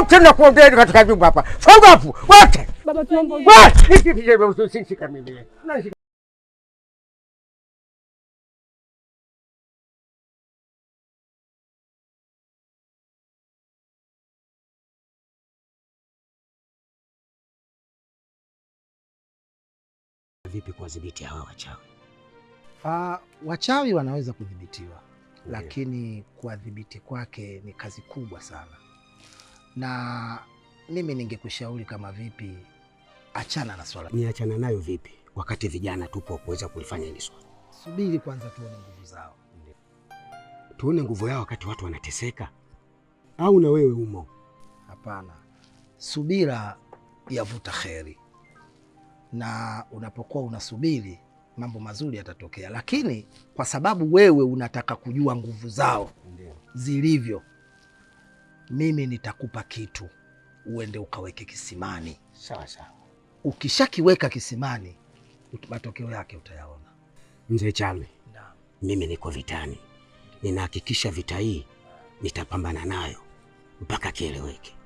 wote nakuombea katika jumba hapa hapo wote vipi kuwadhibiti hawa wachawi? Uh, wachawi wanaweza kudhibitiwa, lakini kuwadhibiti kwake ni kazi kubwa sana na mimi ningekushauri kama vipi, achana na swala. Niachana nayo vipi wakati vijana tupo kuweza kulifanya hili swala? Subiri kwanza tuone nguvu zao, tuone nguvu yao wakati watu wanateseka, au na wewe umo? Hapana, subira yavuta kheri, na unapokuwa unasubiri mambo mazuri yatatokea, lakini kwa sababu wewe unataka kujua nguvu zao zilivyo mimi nitakupa kitu uende ukaweke kisimani. Sawa sawa. Ukishakiweka kisimani, matokeo yake utayaona. Mzee Chalwe, mimi niko vitani, ninahakikisha vita hii nitapambana nayo mpaka kieleweke.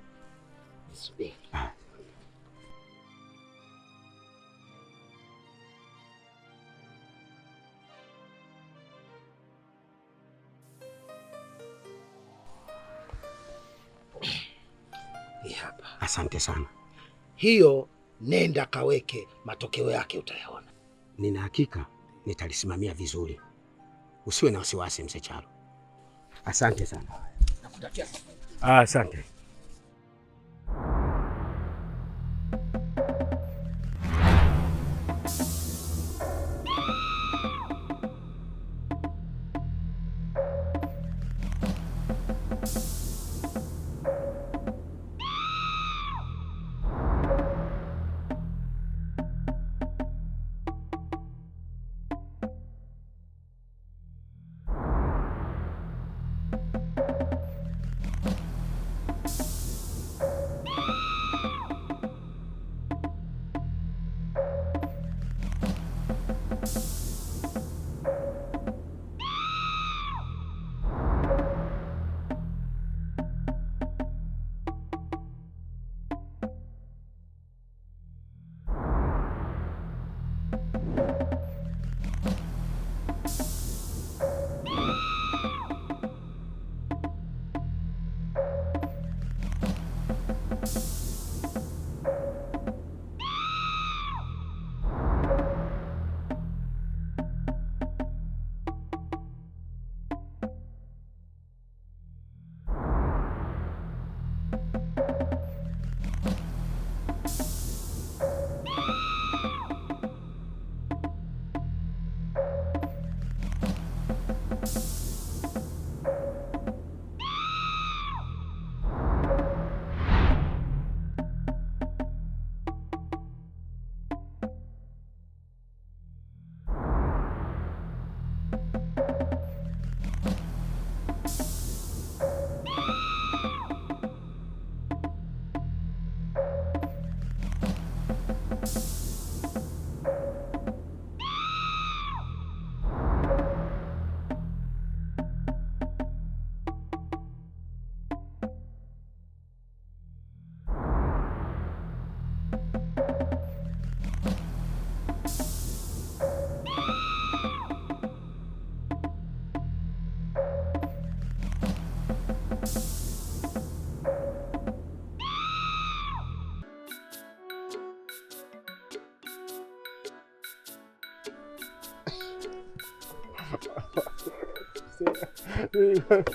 Asante sana. Hiyo nenda kaweke, matokeo yake utayaona. Nina hakika nitalisimamia vizuri, usiwe na wasiwasi mzee Charo. Asante sana. Nakutakia. Ah, asante.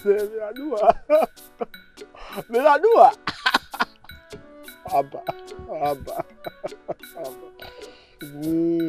Se, mi la do a Mi la do a Aba, aba Aba Mou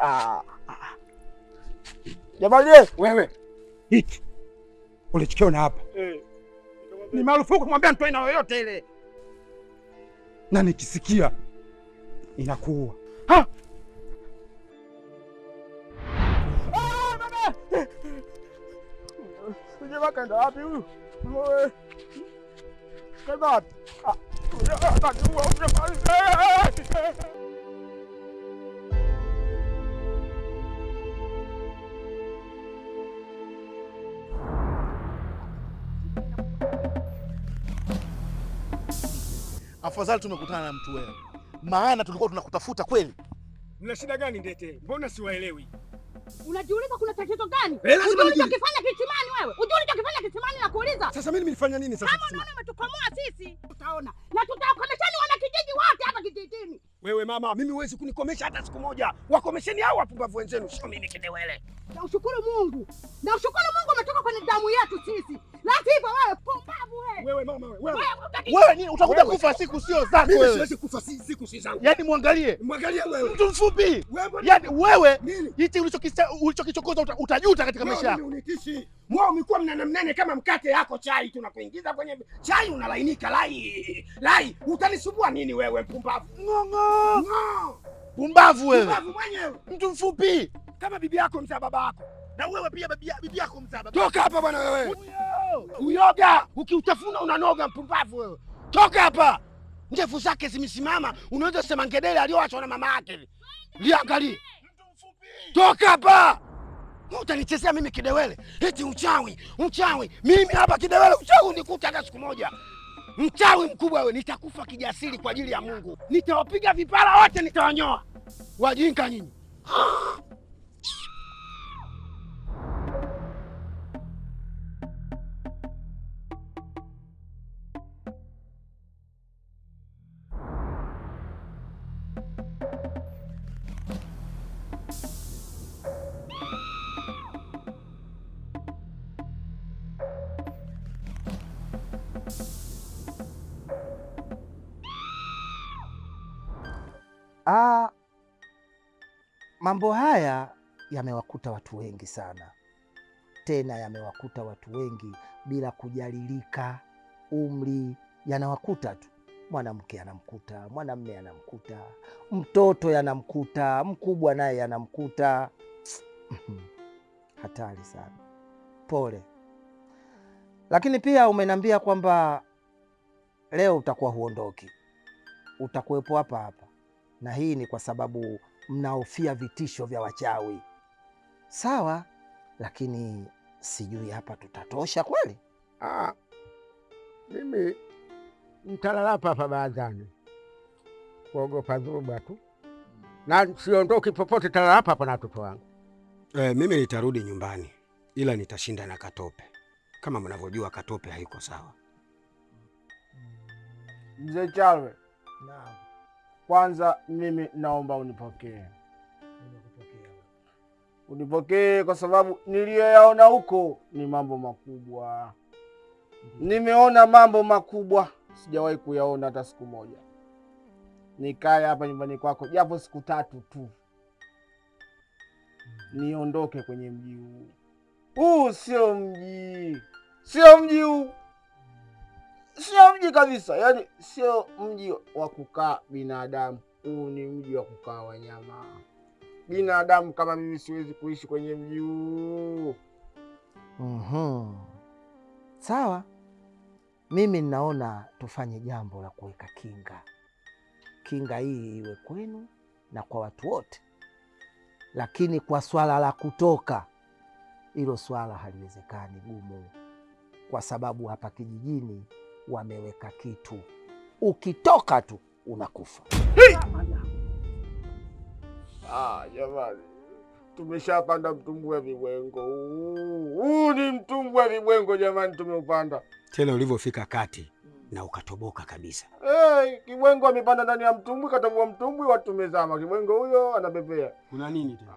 Ah, ah, ah. Jamani eh! wewe, hiki ulichikiona hapa eh. ni marufuku kumwambia mtu aina yoyote ile, na nikisikia inakuua. kaenda wapi huyu? Afadhali tumekutana na mtu wewe, maana tulikuwa tunakutafuta kweli. Mna shida gani Ndete? Mbona siwaelewi? Unajiuliza kuna tatizo gani? Unajua unachokifanya kisimani wewe? Unajua unachokifanya kisimani na kuuliza. Sasa mimi nilifanya nini sasa? Kama unaona umetukomoa sisi, utaona. Na tutakomesheni wana kijiji wote hapa kijijini. Wewe mama, mimi huwezi kunikomesha hata siku moja. Wakomesheni hao wapumbavu wenzenu. Sio mimi kidewele. Na ushukuru Mungu. Na ushukuru Mungu kwenye damu yetu sisi. La sivyo wewe pumbavu wewe. Wewe mama wewe. Wewe, wewe nini utakuja kufa siku sio zako wewe. Mimi siwezi kufa siku si zangu. Yaani muangalie. Muangalie wewe. Mtu mfupi. Yaani wewe hichi ulichokichokoza utajuta katika maisha yako. Mwao umekuwa mnene mnene kama mkate yako chai, tunakuingiza kwenye chai unalainika lai. Lai, utanisumbua nini wewe pumbavu? Ngongo. Pumbavu wewe. Pumbavu mwenyewe. Mtu mfupi. Kama bibi yako mzee baba yako na wewe pia bibi yako mzaba. Toka hapa bwana wewe. Uyoga ukiutafuna unanoga mpumbavu wewe. Toka hapa. Ndevu zake zimesimama, unaweza sema ngedele aliyoachwa na mama yake. Liangalie. Toka hapa. Utanichezea mimi kidewele. Eti uchawi, uchawi. Mimi hapa kidewele uchawi nikuta hata siku moja. Mchawi mkubwa wewe, nitakufa kijasiri kwa ajili ya Mungu. Nitawapiga vipara wote nitawanyoa. Wajinga nyinyi. Mambo haya yamewakuta watu wengi sana, tena yamewakuta watu wengi bila kujalilika umri, yanawakuta tu. Mwanamke anamkuta, mwanamme anamkuta, mtoto yanamkuta, mkubwa naye yanamkuta. Hatari sana, pole. Lakini pia umeniambia kwamba leo utakuwa huondoki, utakuwepo hapa hapa, na hii ni kwa sababu mnaofia vitisho vya wachawi. Sawa, lakini sijui hapa tutatosha kweli? Ah, mimi ntalala hapa baadhani kuogopa dhuruba tu na siondoki popote, talalapa hapa na watoto wangu. Eh, mimi nitarudi nyumbani ila nitashinda na Katope. Kama mnavyojua Katope haiko sawa, mzee Chalwe. Naam. Kwanza mimi naomba unipokee, unipokee kwa sababu niliyoyaona huko ni mambo makubwa. Mhm. Nimeona mambo makubwa sijawahi kuyaona hata siku moja. Nikae hapa nyumbani kwako japo siku tatu tu, mhm. niondoke kwenye mji huu. Huu sio mji, sio mji huu sio mji kabisa, yani sio mji wa kukaa binadamu. Huu ni mji wa kukaa wanyama. Binadamu kama mimi siwezi kuishi kwenye mji huu. mm Sawa, mimi ninaona tufanye jambo la kuweka kinga. Kinga hii iwe kwenu na kwa watu wote, lakini kwa swala la kutoka, hilo swala haliwezekani gumu, kwa sababu hapa kijijini wameweka kitu, ukitoka tu unakufa. Ah, jamani, tumeshapanda mtumbu wa vibwengo. Huu ni mtumbu wa vibwengo jamani, tumeupanda tena. Ulivyofika kati na ukatoboka kabisa. Hey, kibwengo amepanda ndani ya mtumbwi, katoboa mtumbwi, watu tumezama. Kibwengo huyo anapepea. Kuna nini tena?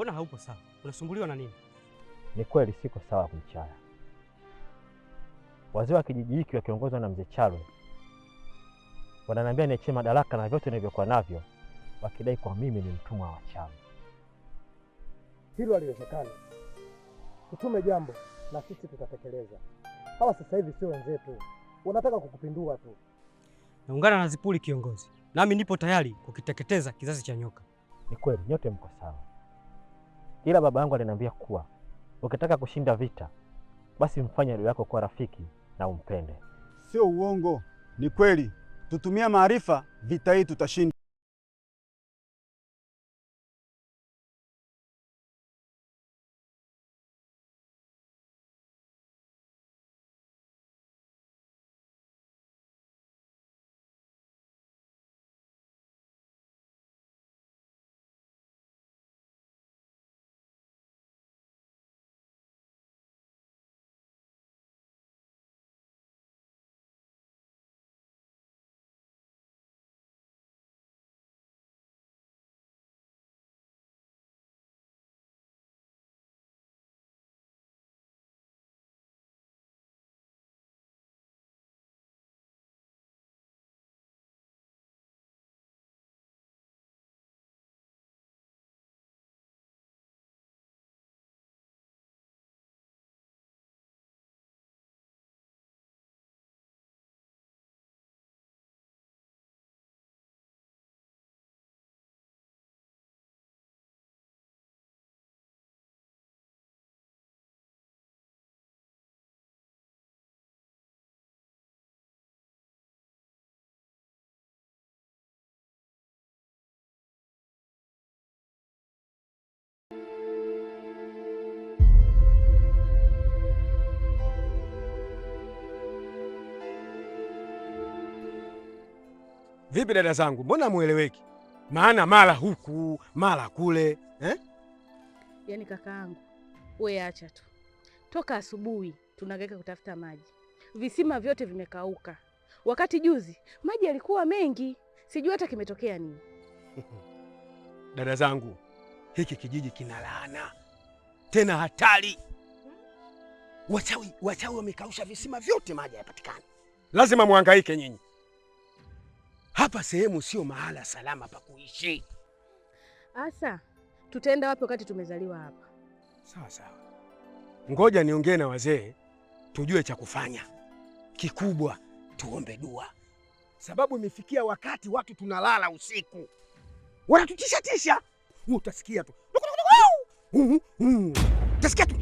Mbona haupo sawa? Unasumbuliwa na nini? Ni kweli siko sawa kumchaya. Wazee wa kijiji hiki wakiongozwa na mzee Charwe wananiambia niachie madaraka na vyote nilivyokuwa navyo, wakidai kwa mimi ni mtumwa wa Charwe. Hilo haliwezekani. Tutume jambo na sisi tutatekeleza. Hawa sasa hivi sio wenzetu, wanataka kukupindua tu. Naungana na Zipuli kiongozi, nami nipo tayari kukiteketeza kizazi cha nyoka. Ni kweli nyote mko sawa ila baba yangu aliniambia kuwa ukitaka kushinda vita, basi mfanye adui yako kuwa rafiki na umpende. Sio uongo, ni kweli. Tutumia maarifa, vita hii tutashinda. Vipi dada zangu, mbona mueleweki? Maana mara huku mara kule eh? Yaani kakaangu, we acha tu, toka asubuhi tunagaika kutafuta maji, visima vyote vimekauka, wakati juzi maji yalikuwa mengi, sijui hata kimetokea nini. Dada zangu, hiki kijiji kina laana tena hatari. Wachawi wachawi wamekausha visima vyote, maji hayapatikani. Lazima muhangaike nyinyi hapa sehemu sio mahala salama pa kuishi. Asa, tutaenda wapi wakati tumezaliwa hapa? Sawa sawa, ngoja niongee na wazee tujue cha kufanya. Kikubwa tuombe dua, sababu imefikia wakati watu tunalala usiku, wanatutisha tisha. Utasikia tu utasikia tu.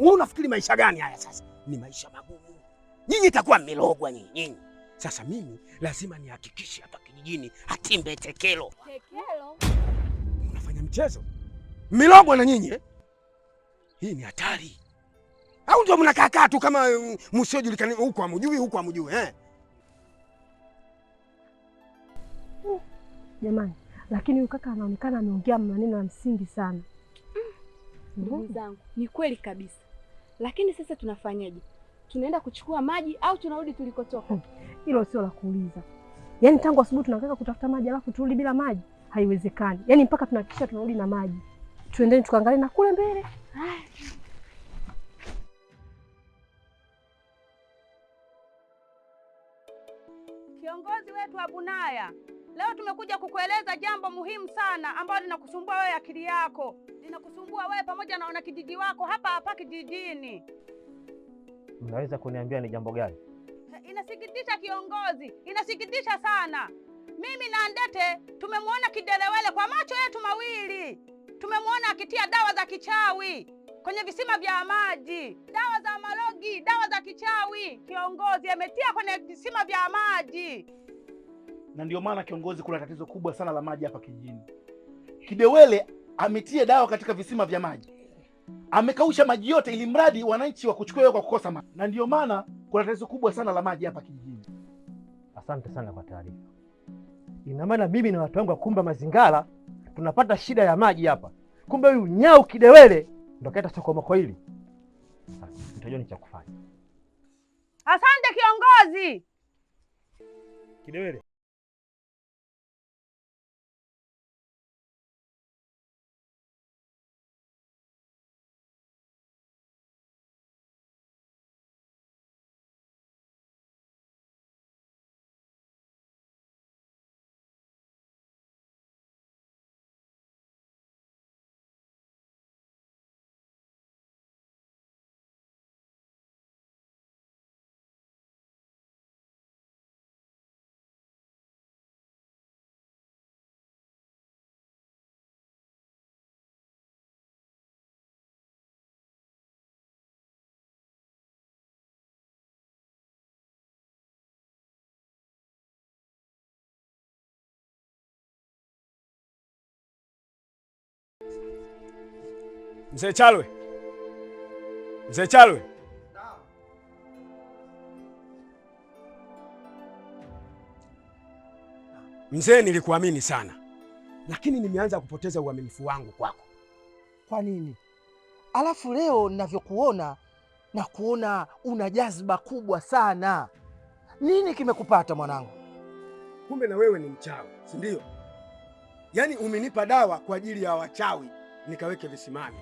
wewe unafikiri maisha gani haya? Sasa ni maisha magumu, nyinyi itakuwa milogwa nyinyi. Sasa mimi lazima nihakikishe hapa kijijini atimbe tekelo. Tekelo? Unafanya mchezo milogo na nyinyi eh? Hii ni hatari, au ndio mnakaakaa tu kama eh, msiojulikani huku amujui huku amujui eh? Uh, jamani, lakini huyu kaka anaonekana ameongea maneno ya msingi sana. Mm. Ndugu mm. zangu, ni kweli kabisa, lakini sasa tunafanyaje? tunaenda kuchukua maji au tunarudi tulikotoka? Hmm. Hilo hmm, sio la kuuliza. Yaani tangu asubuhi tunakaa kutafuta maji alafu turudi bila maji, haiwezekani. Yaani mpaka tunahakikisha tunarudi na maji. Tuendeni tukaangalie na kule mbele. Kiongozi wetu wa Bunaya, leo tumekuja kukueleza jambo muhimu sana ambalo linakusumbua wewe akili yako, linakusumbua wewe pamoja na wanakijiji wako hapa hapa kijijini mnaweza kuniambia ni jambo gani? Inasikitisha kiongozi, inasikitisha sana. Mimi na Ndete tumemwona kidelewele kwa macho yetu mawili, tumemwona akitia dawa za kichawi kwenye visima vya maji, dawa za malogi, dawa za kichawi. Kiongozi ametia kwenye visima vya maji, na ndio maana kiongozi, kuna tatizo kubwa sana la maji hapa kijijini. Kidewele ametia dawa katika visima vya maji amekausha maji yote, ili mradi wananchi wa kuchukua kwa kukosa maji, na ndio maana kuna tatizo kubwa sana la maji hapa kijijini. Asante sana kwa taarifa. Ina maana mimi na watu wangu wa Kumba Mazingara tunapata shida ya maji hapa. Kumbe huyu nyau kidewele ndo kaita sokomoko hili. Nitajua ni cha kufanya. Asante kiongozi Kidewele. Mzee Chalwe, Mzee Chalwe, mzee, nilikuamini sana, lakini nimeanza kupoteza uaminifu wangu kwako. Kwa nini? Alafu leo ninavyokuona na kuona una jazba kubwa sana. Nini kimekupata mwanangu? Kumbe na wewe ni mchawi, si ndio? yaani umenipa dawa kwa ajili ya wachawi nikaweke visimani,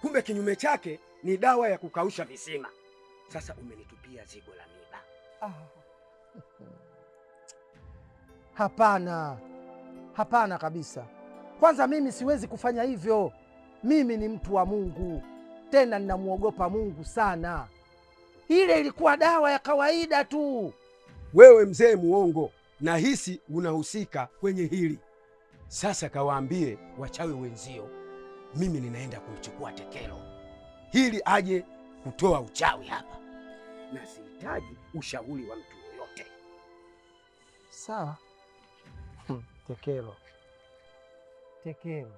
kumbe kinyume chake ni dawa ya kukausha visima. Sasa umenitupia zigo la miba. Ah. Hapana, hapana kabisa. Kwanza mimi siwezi kufanya hivyo. Mimi ni mtu wa Mungu, tena ninamwogopa Mungu sana. Ile ilikuwa dawa ya kawaida tu. Wewe mzee muongo, nahisi unahusika kwenye hili. Sasa kawaambie wachawi wenzio, mimi ninaenda kumchukua Tekelo hili aje kutoa uchawi hapa, na sihitaji ushauri wa mtu yoyote. Sawa. Tekelo, Tekelo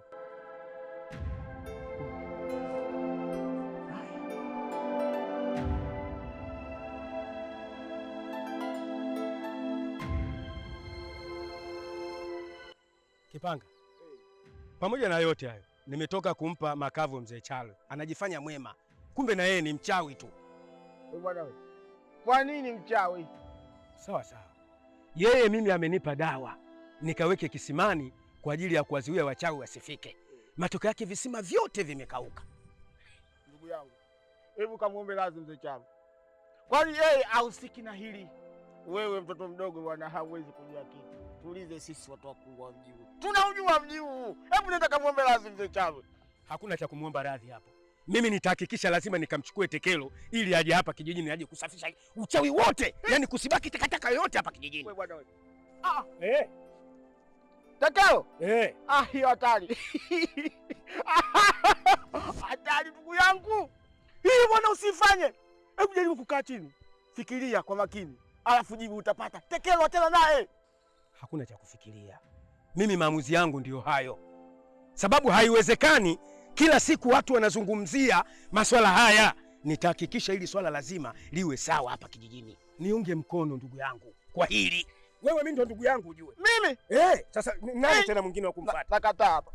Panga, pamoja na yote hayo nimetoka kumpa makavu mzee Chalo, anajifanya mwema, kumbe na yeye ni mchawi tu. Kwa nini mchawi? Sawa sawa, yeye mimi amenipa dawa nikaweke kisimani kwa ajili ya kuwazuia wachawi wasifike. Matokeo yake visima vyote vimekauka. Ndugu yangu, hebu kamwombe lazima mzee Chalo, kwani yeye ahusiki na hili. Wewe mtoto mdogo, bwana, hauwezi kujua kitu tuulize sisi watu wakubwa wa mji huu, tunaujua mji huu. Hebu nenda kamwombe radhi mzee Chave. Hakuna cha kumwomba radhi hapa. Mimi nitahakikisha lazima nikamchukue Tekelo ili aje hapa kijijini aje kusafisha uchawi wote, eh? yaani kusibaki takataka yoyote hapa kijijini. Wewe bwana wewe. Ah, ah. Eh? eh. Tekelo. Eh. Ah, hiyo hatari. Hatari ndugu yangu. Hii bwana usifanye. Hebu jaribu kukaa chini. Fikiria kwa makini. Alafu jibu utapata. Tekelo atela naye. Eh hakuna cha kufikiria. Mimi maamuzi yangu ndiyo hayo, sababu haiwezekani kila siku watu wanazungumzia maswala haya. Nitahakikisha hili swala lazima liwe sawa hapa kijijini. Niunge mkono ndugu yangu kwa hili. Wewe mimi ndo ndugu yangu ujue. Mimi? Eh, sasa nani tena mwingine wa kumfuata? Nakataa hapa.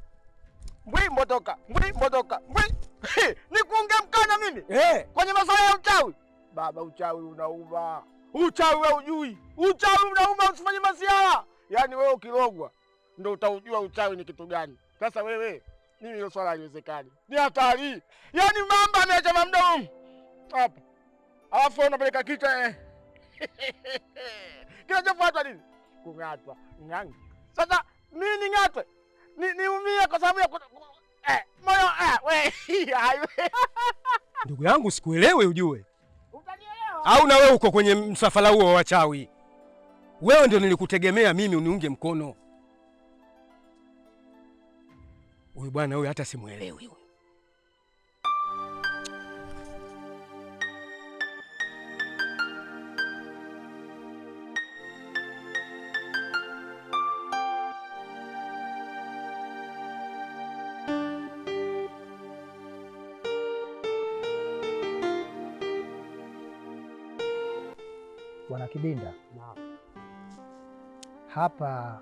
Mbwi motoka, mbwi motoka, mbwi. Nikuunge mkono mimi? Eh. Kwenye masuala ya uchawi. Baba uchawi unauma. Uchawi wewe ujui. Uchawi unauma usifanye masiala. Yaani wewe ukilogwa ndo utaujua uchawi ni kitu gani. Sasa wewe, mimi hilo swala haliwezekani, ni hatari. Yaani mamba amechama mdomo hapo, alafu unapeleka kichwa eh. Kinachofuata nini? Kung'atwa ng'angi. Sasa mimi ning'atwe niumie kwa sababu ya eh, moyo eh, ndugu yangu, sikuelewe ujue. Utanielewa au na wewe uko kwenye msafara huo wa wachawi? Wewe ndio nilikutegemea mimi uniunge mkono. Huyu bwana huyu hata simwelewi huyu. Bwana Kibinda hapa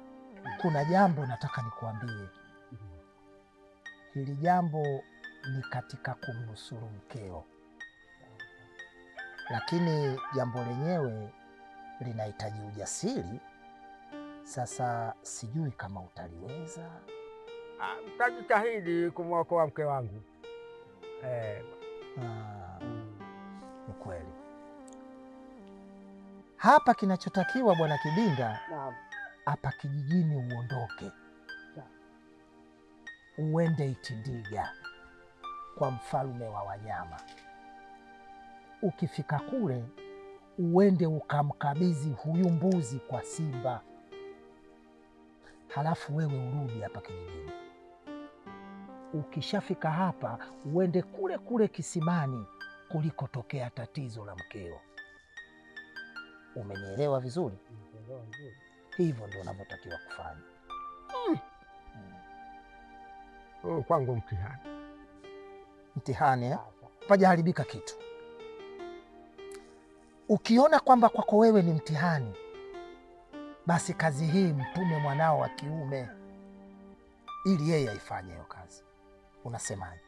kuna jambo nataka nikuambie. Hili jambo ni katika kumnusuru mkeo, lakini jambo lenyewe linahitaji ujasiri. Sasa sijui kama utaliweza. Utajitahidi ah, kumwokoa mke wangu. Eh, ah, ni kweli hapa kinachotakiwa bwana Kibinda. Naam hapa kijijini uondoke uende Itindiga kwa mfalme wa wanyama. Ukifika kule, uende ukamkabidhi huyu mbuzi kwa simba, halafu wewe urudi hapa kijijini. Ukishafika hapa, uende kule kule kisimani kulikotokea tatizo la mkeo. Umenielewa vizuri? Hivyo ndio unavyotakiwa kufanya. mm. Mm. Oh, kwangu mtihani mtihani eh? Pajaharibika kitu. Ukiona kwamba kwako wewe ni mtihani, basi kazi hii mtume mwanao wa kiume ili yeye aifanye hiyo kazi. Unasemaje?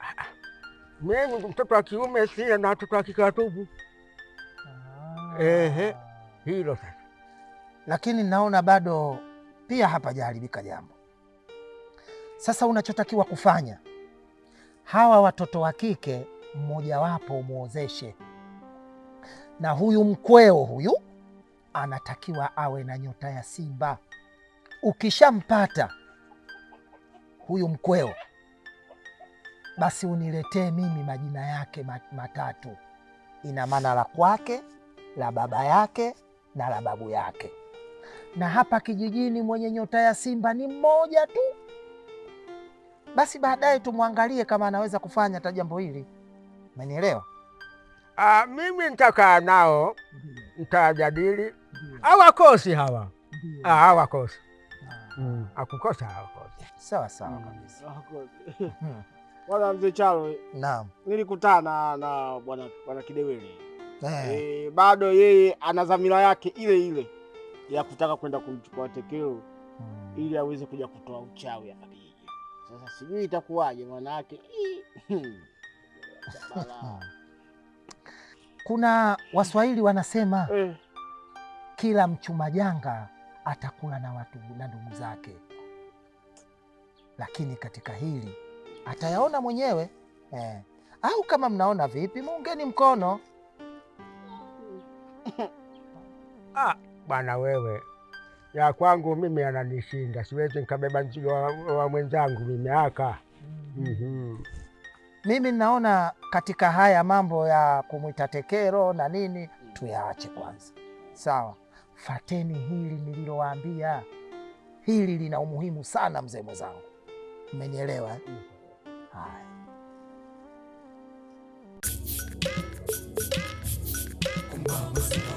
Ah, ah. mimi mtoto wa kiume sie na watoto wa kikatubu. Ah. Ehe, hilo sasa lakini naona bado pia hapajaharibika jambo. Sasa unachotakiwa kufanya, hawa watoto wa kike mmojawapo umwozeshe, na huyu mkweo huyu anatakiwa awe na nyota ya Simba. Ukishampata huyu mkweo, basi uniletee mimi majina yake matatu, ina maana la kwake, la baba yake na la babu yake na hapa kijijini mwenye nyota ya Simba ni mmoja tu. Basi baadaye tumwangalie kama anaweza kufanya hata jambo hili, umenielewa? Ah, mimi nitakaa nao nitajadili. Hawakosi hawa, ah, hawakosi ah. mm, akukosa, hawakosi. Sawa sawa mm, kabisa. Bwana hmm. mzee Chalo, naam, nilikutana na bwana bwana Kidewele eh. eh, bado yeye ana dhamira yake ile ile ya kutaka kwenda kumchukua Tekeo mm. ili aweze kuja kutoa uchawi akabiji. Sasa sijui itakuwaje, manake hmm. kuna Waswahili wanasema eh, kila mchuma janga atakula na watu na ndugu zake, lakini katika hili atayaona mwenyewe eh. Au kama mnaona vipi, muungeni mkono ah bwana wewe, ya kwangu mimi ananishinda, siwezi nikabeba mzigo wa, wa mwenzangu mimi aka mm-hmm. Mhm. Mimi naona katika haya mambo ya kumwita Tekero na nini tuyaache kwanza, sawa. Fateni hili nililowaambia, hili lina umuhimu sana, mzee mwenzangu, mmenielewa eh? Mm-hmm. Haya.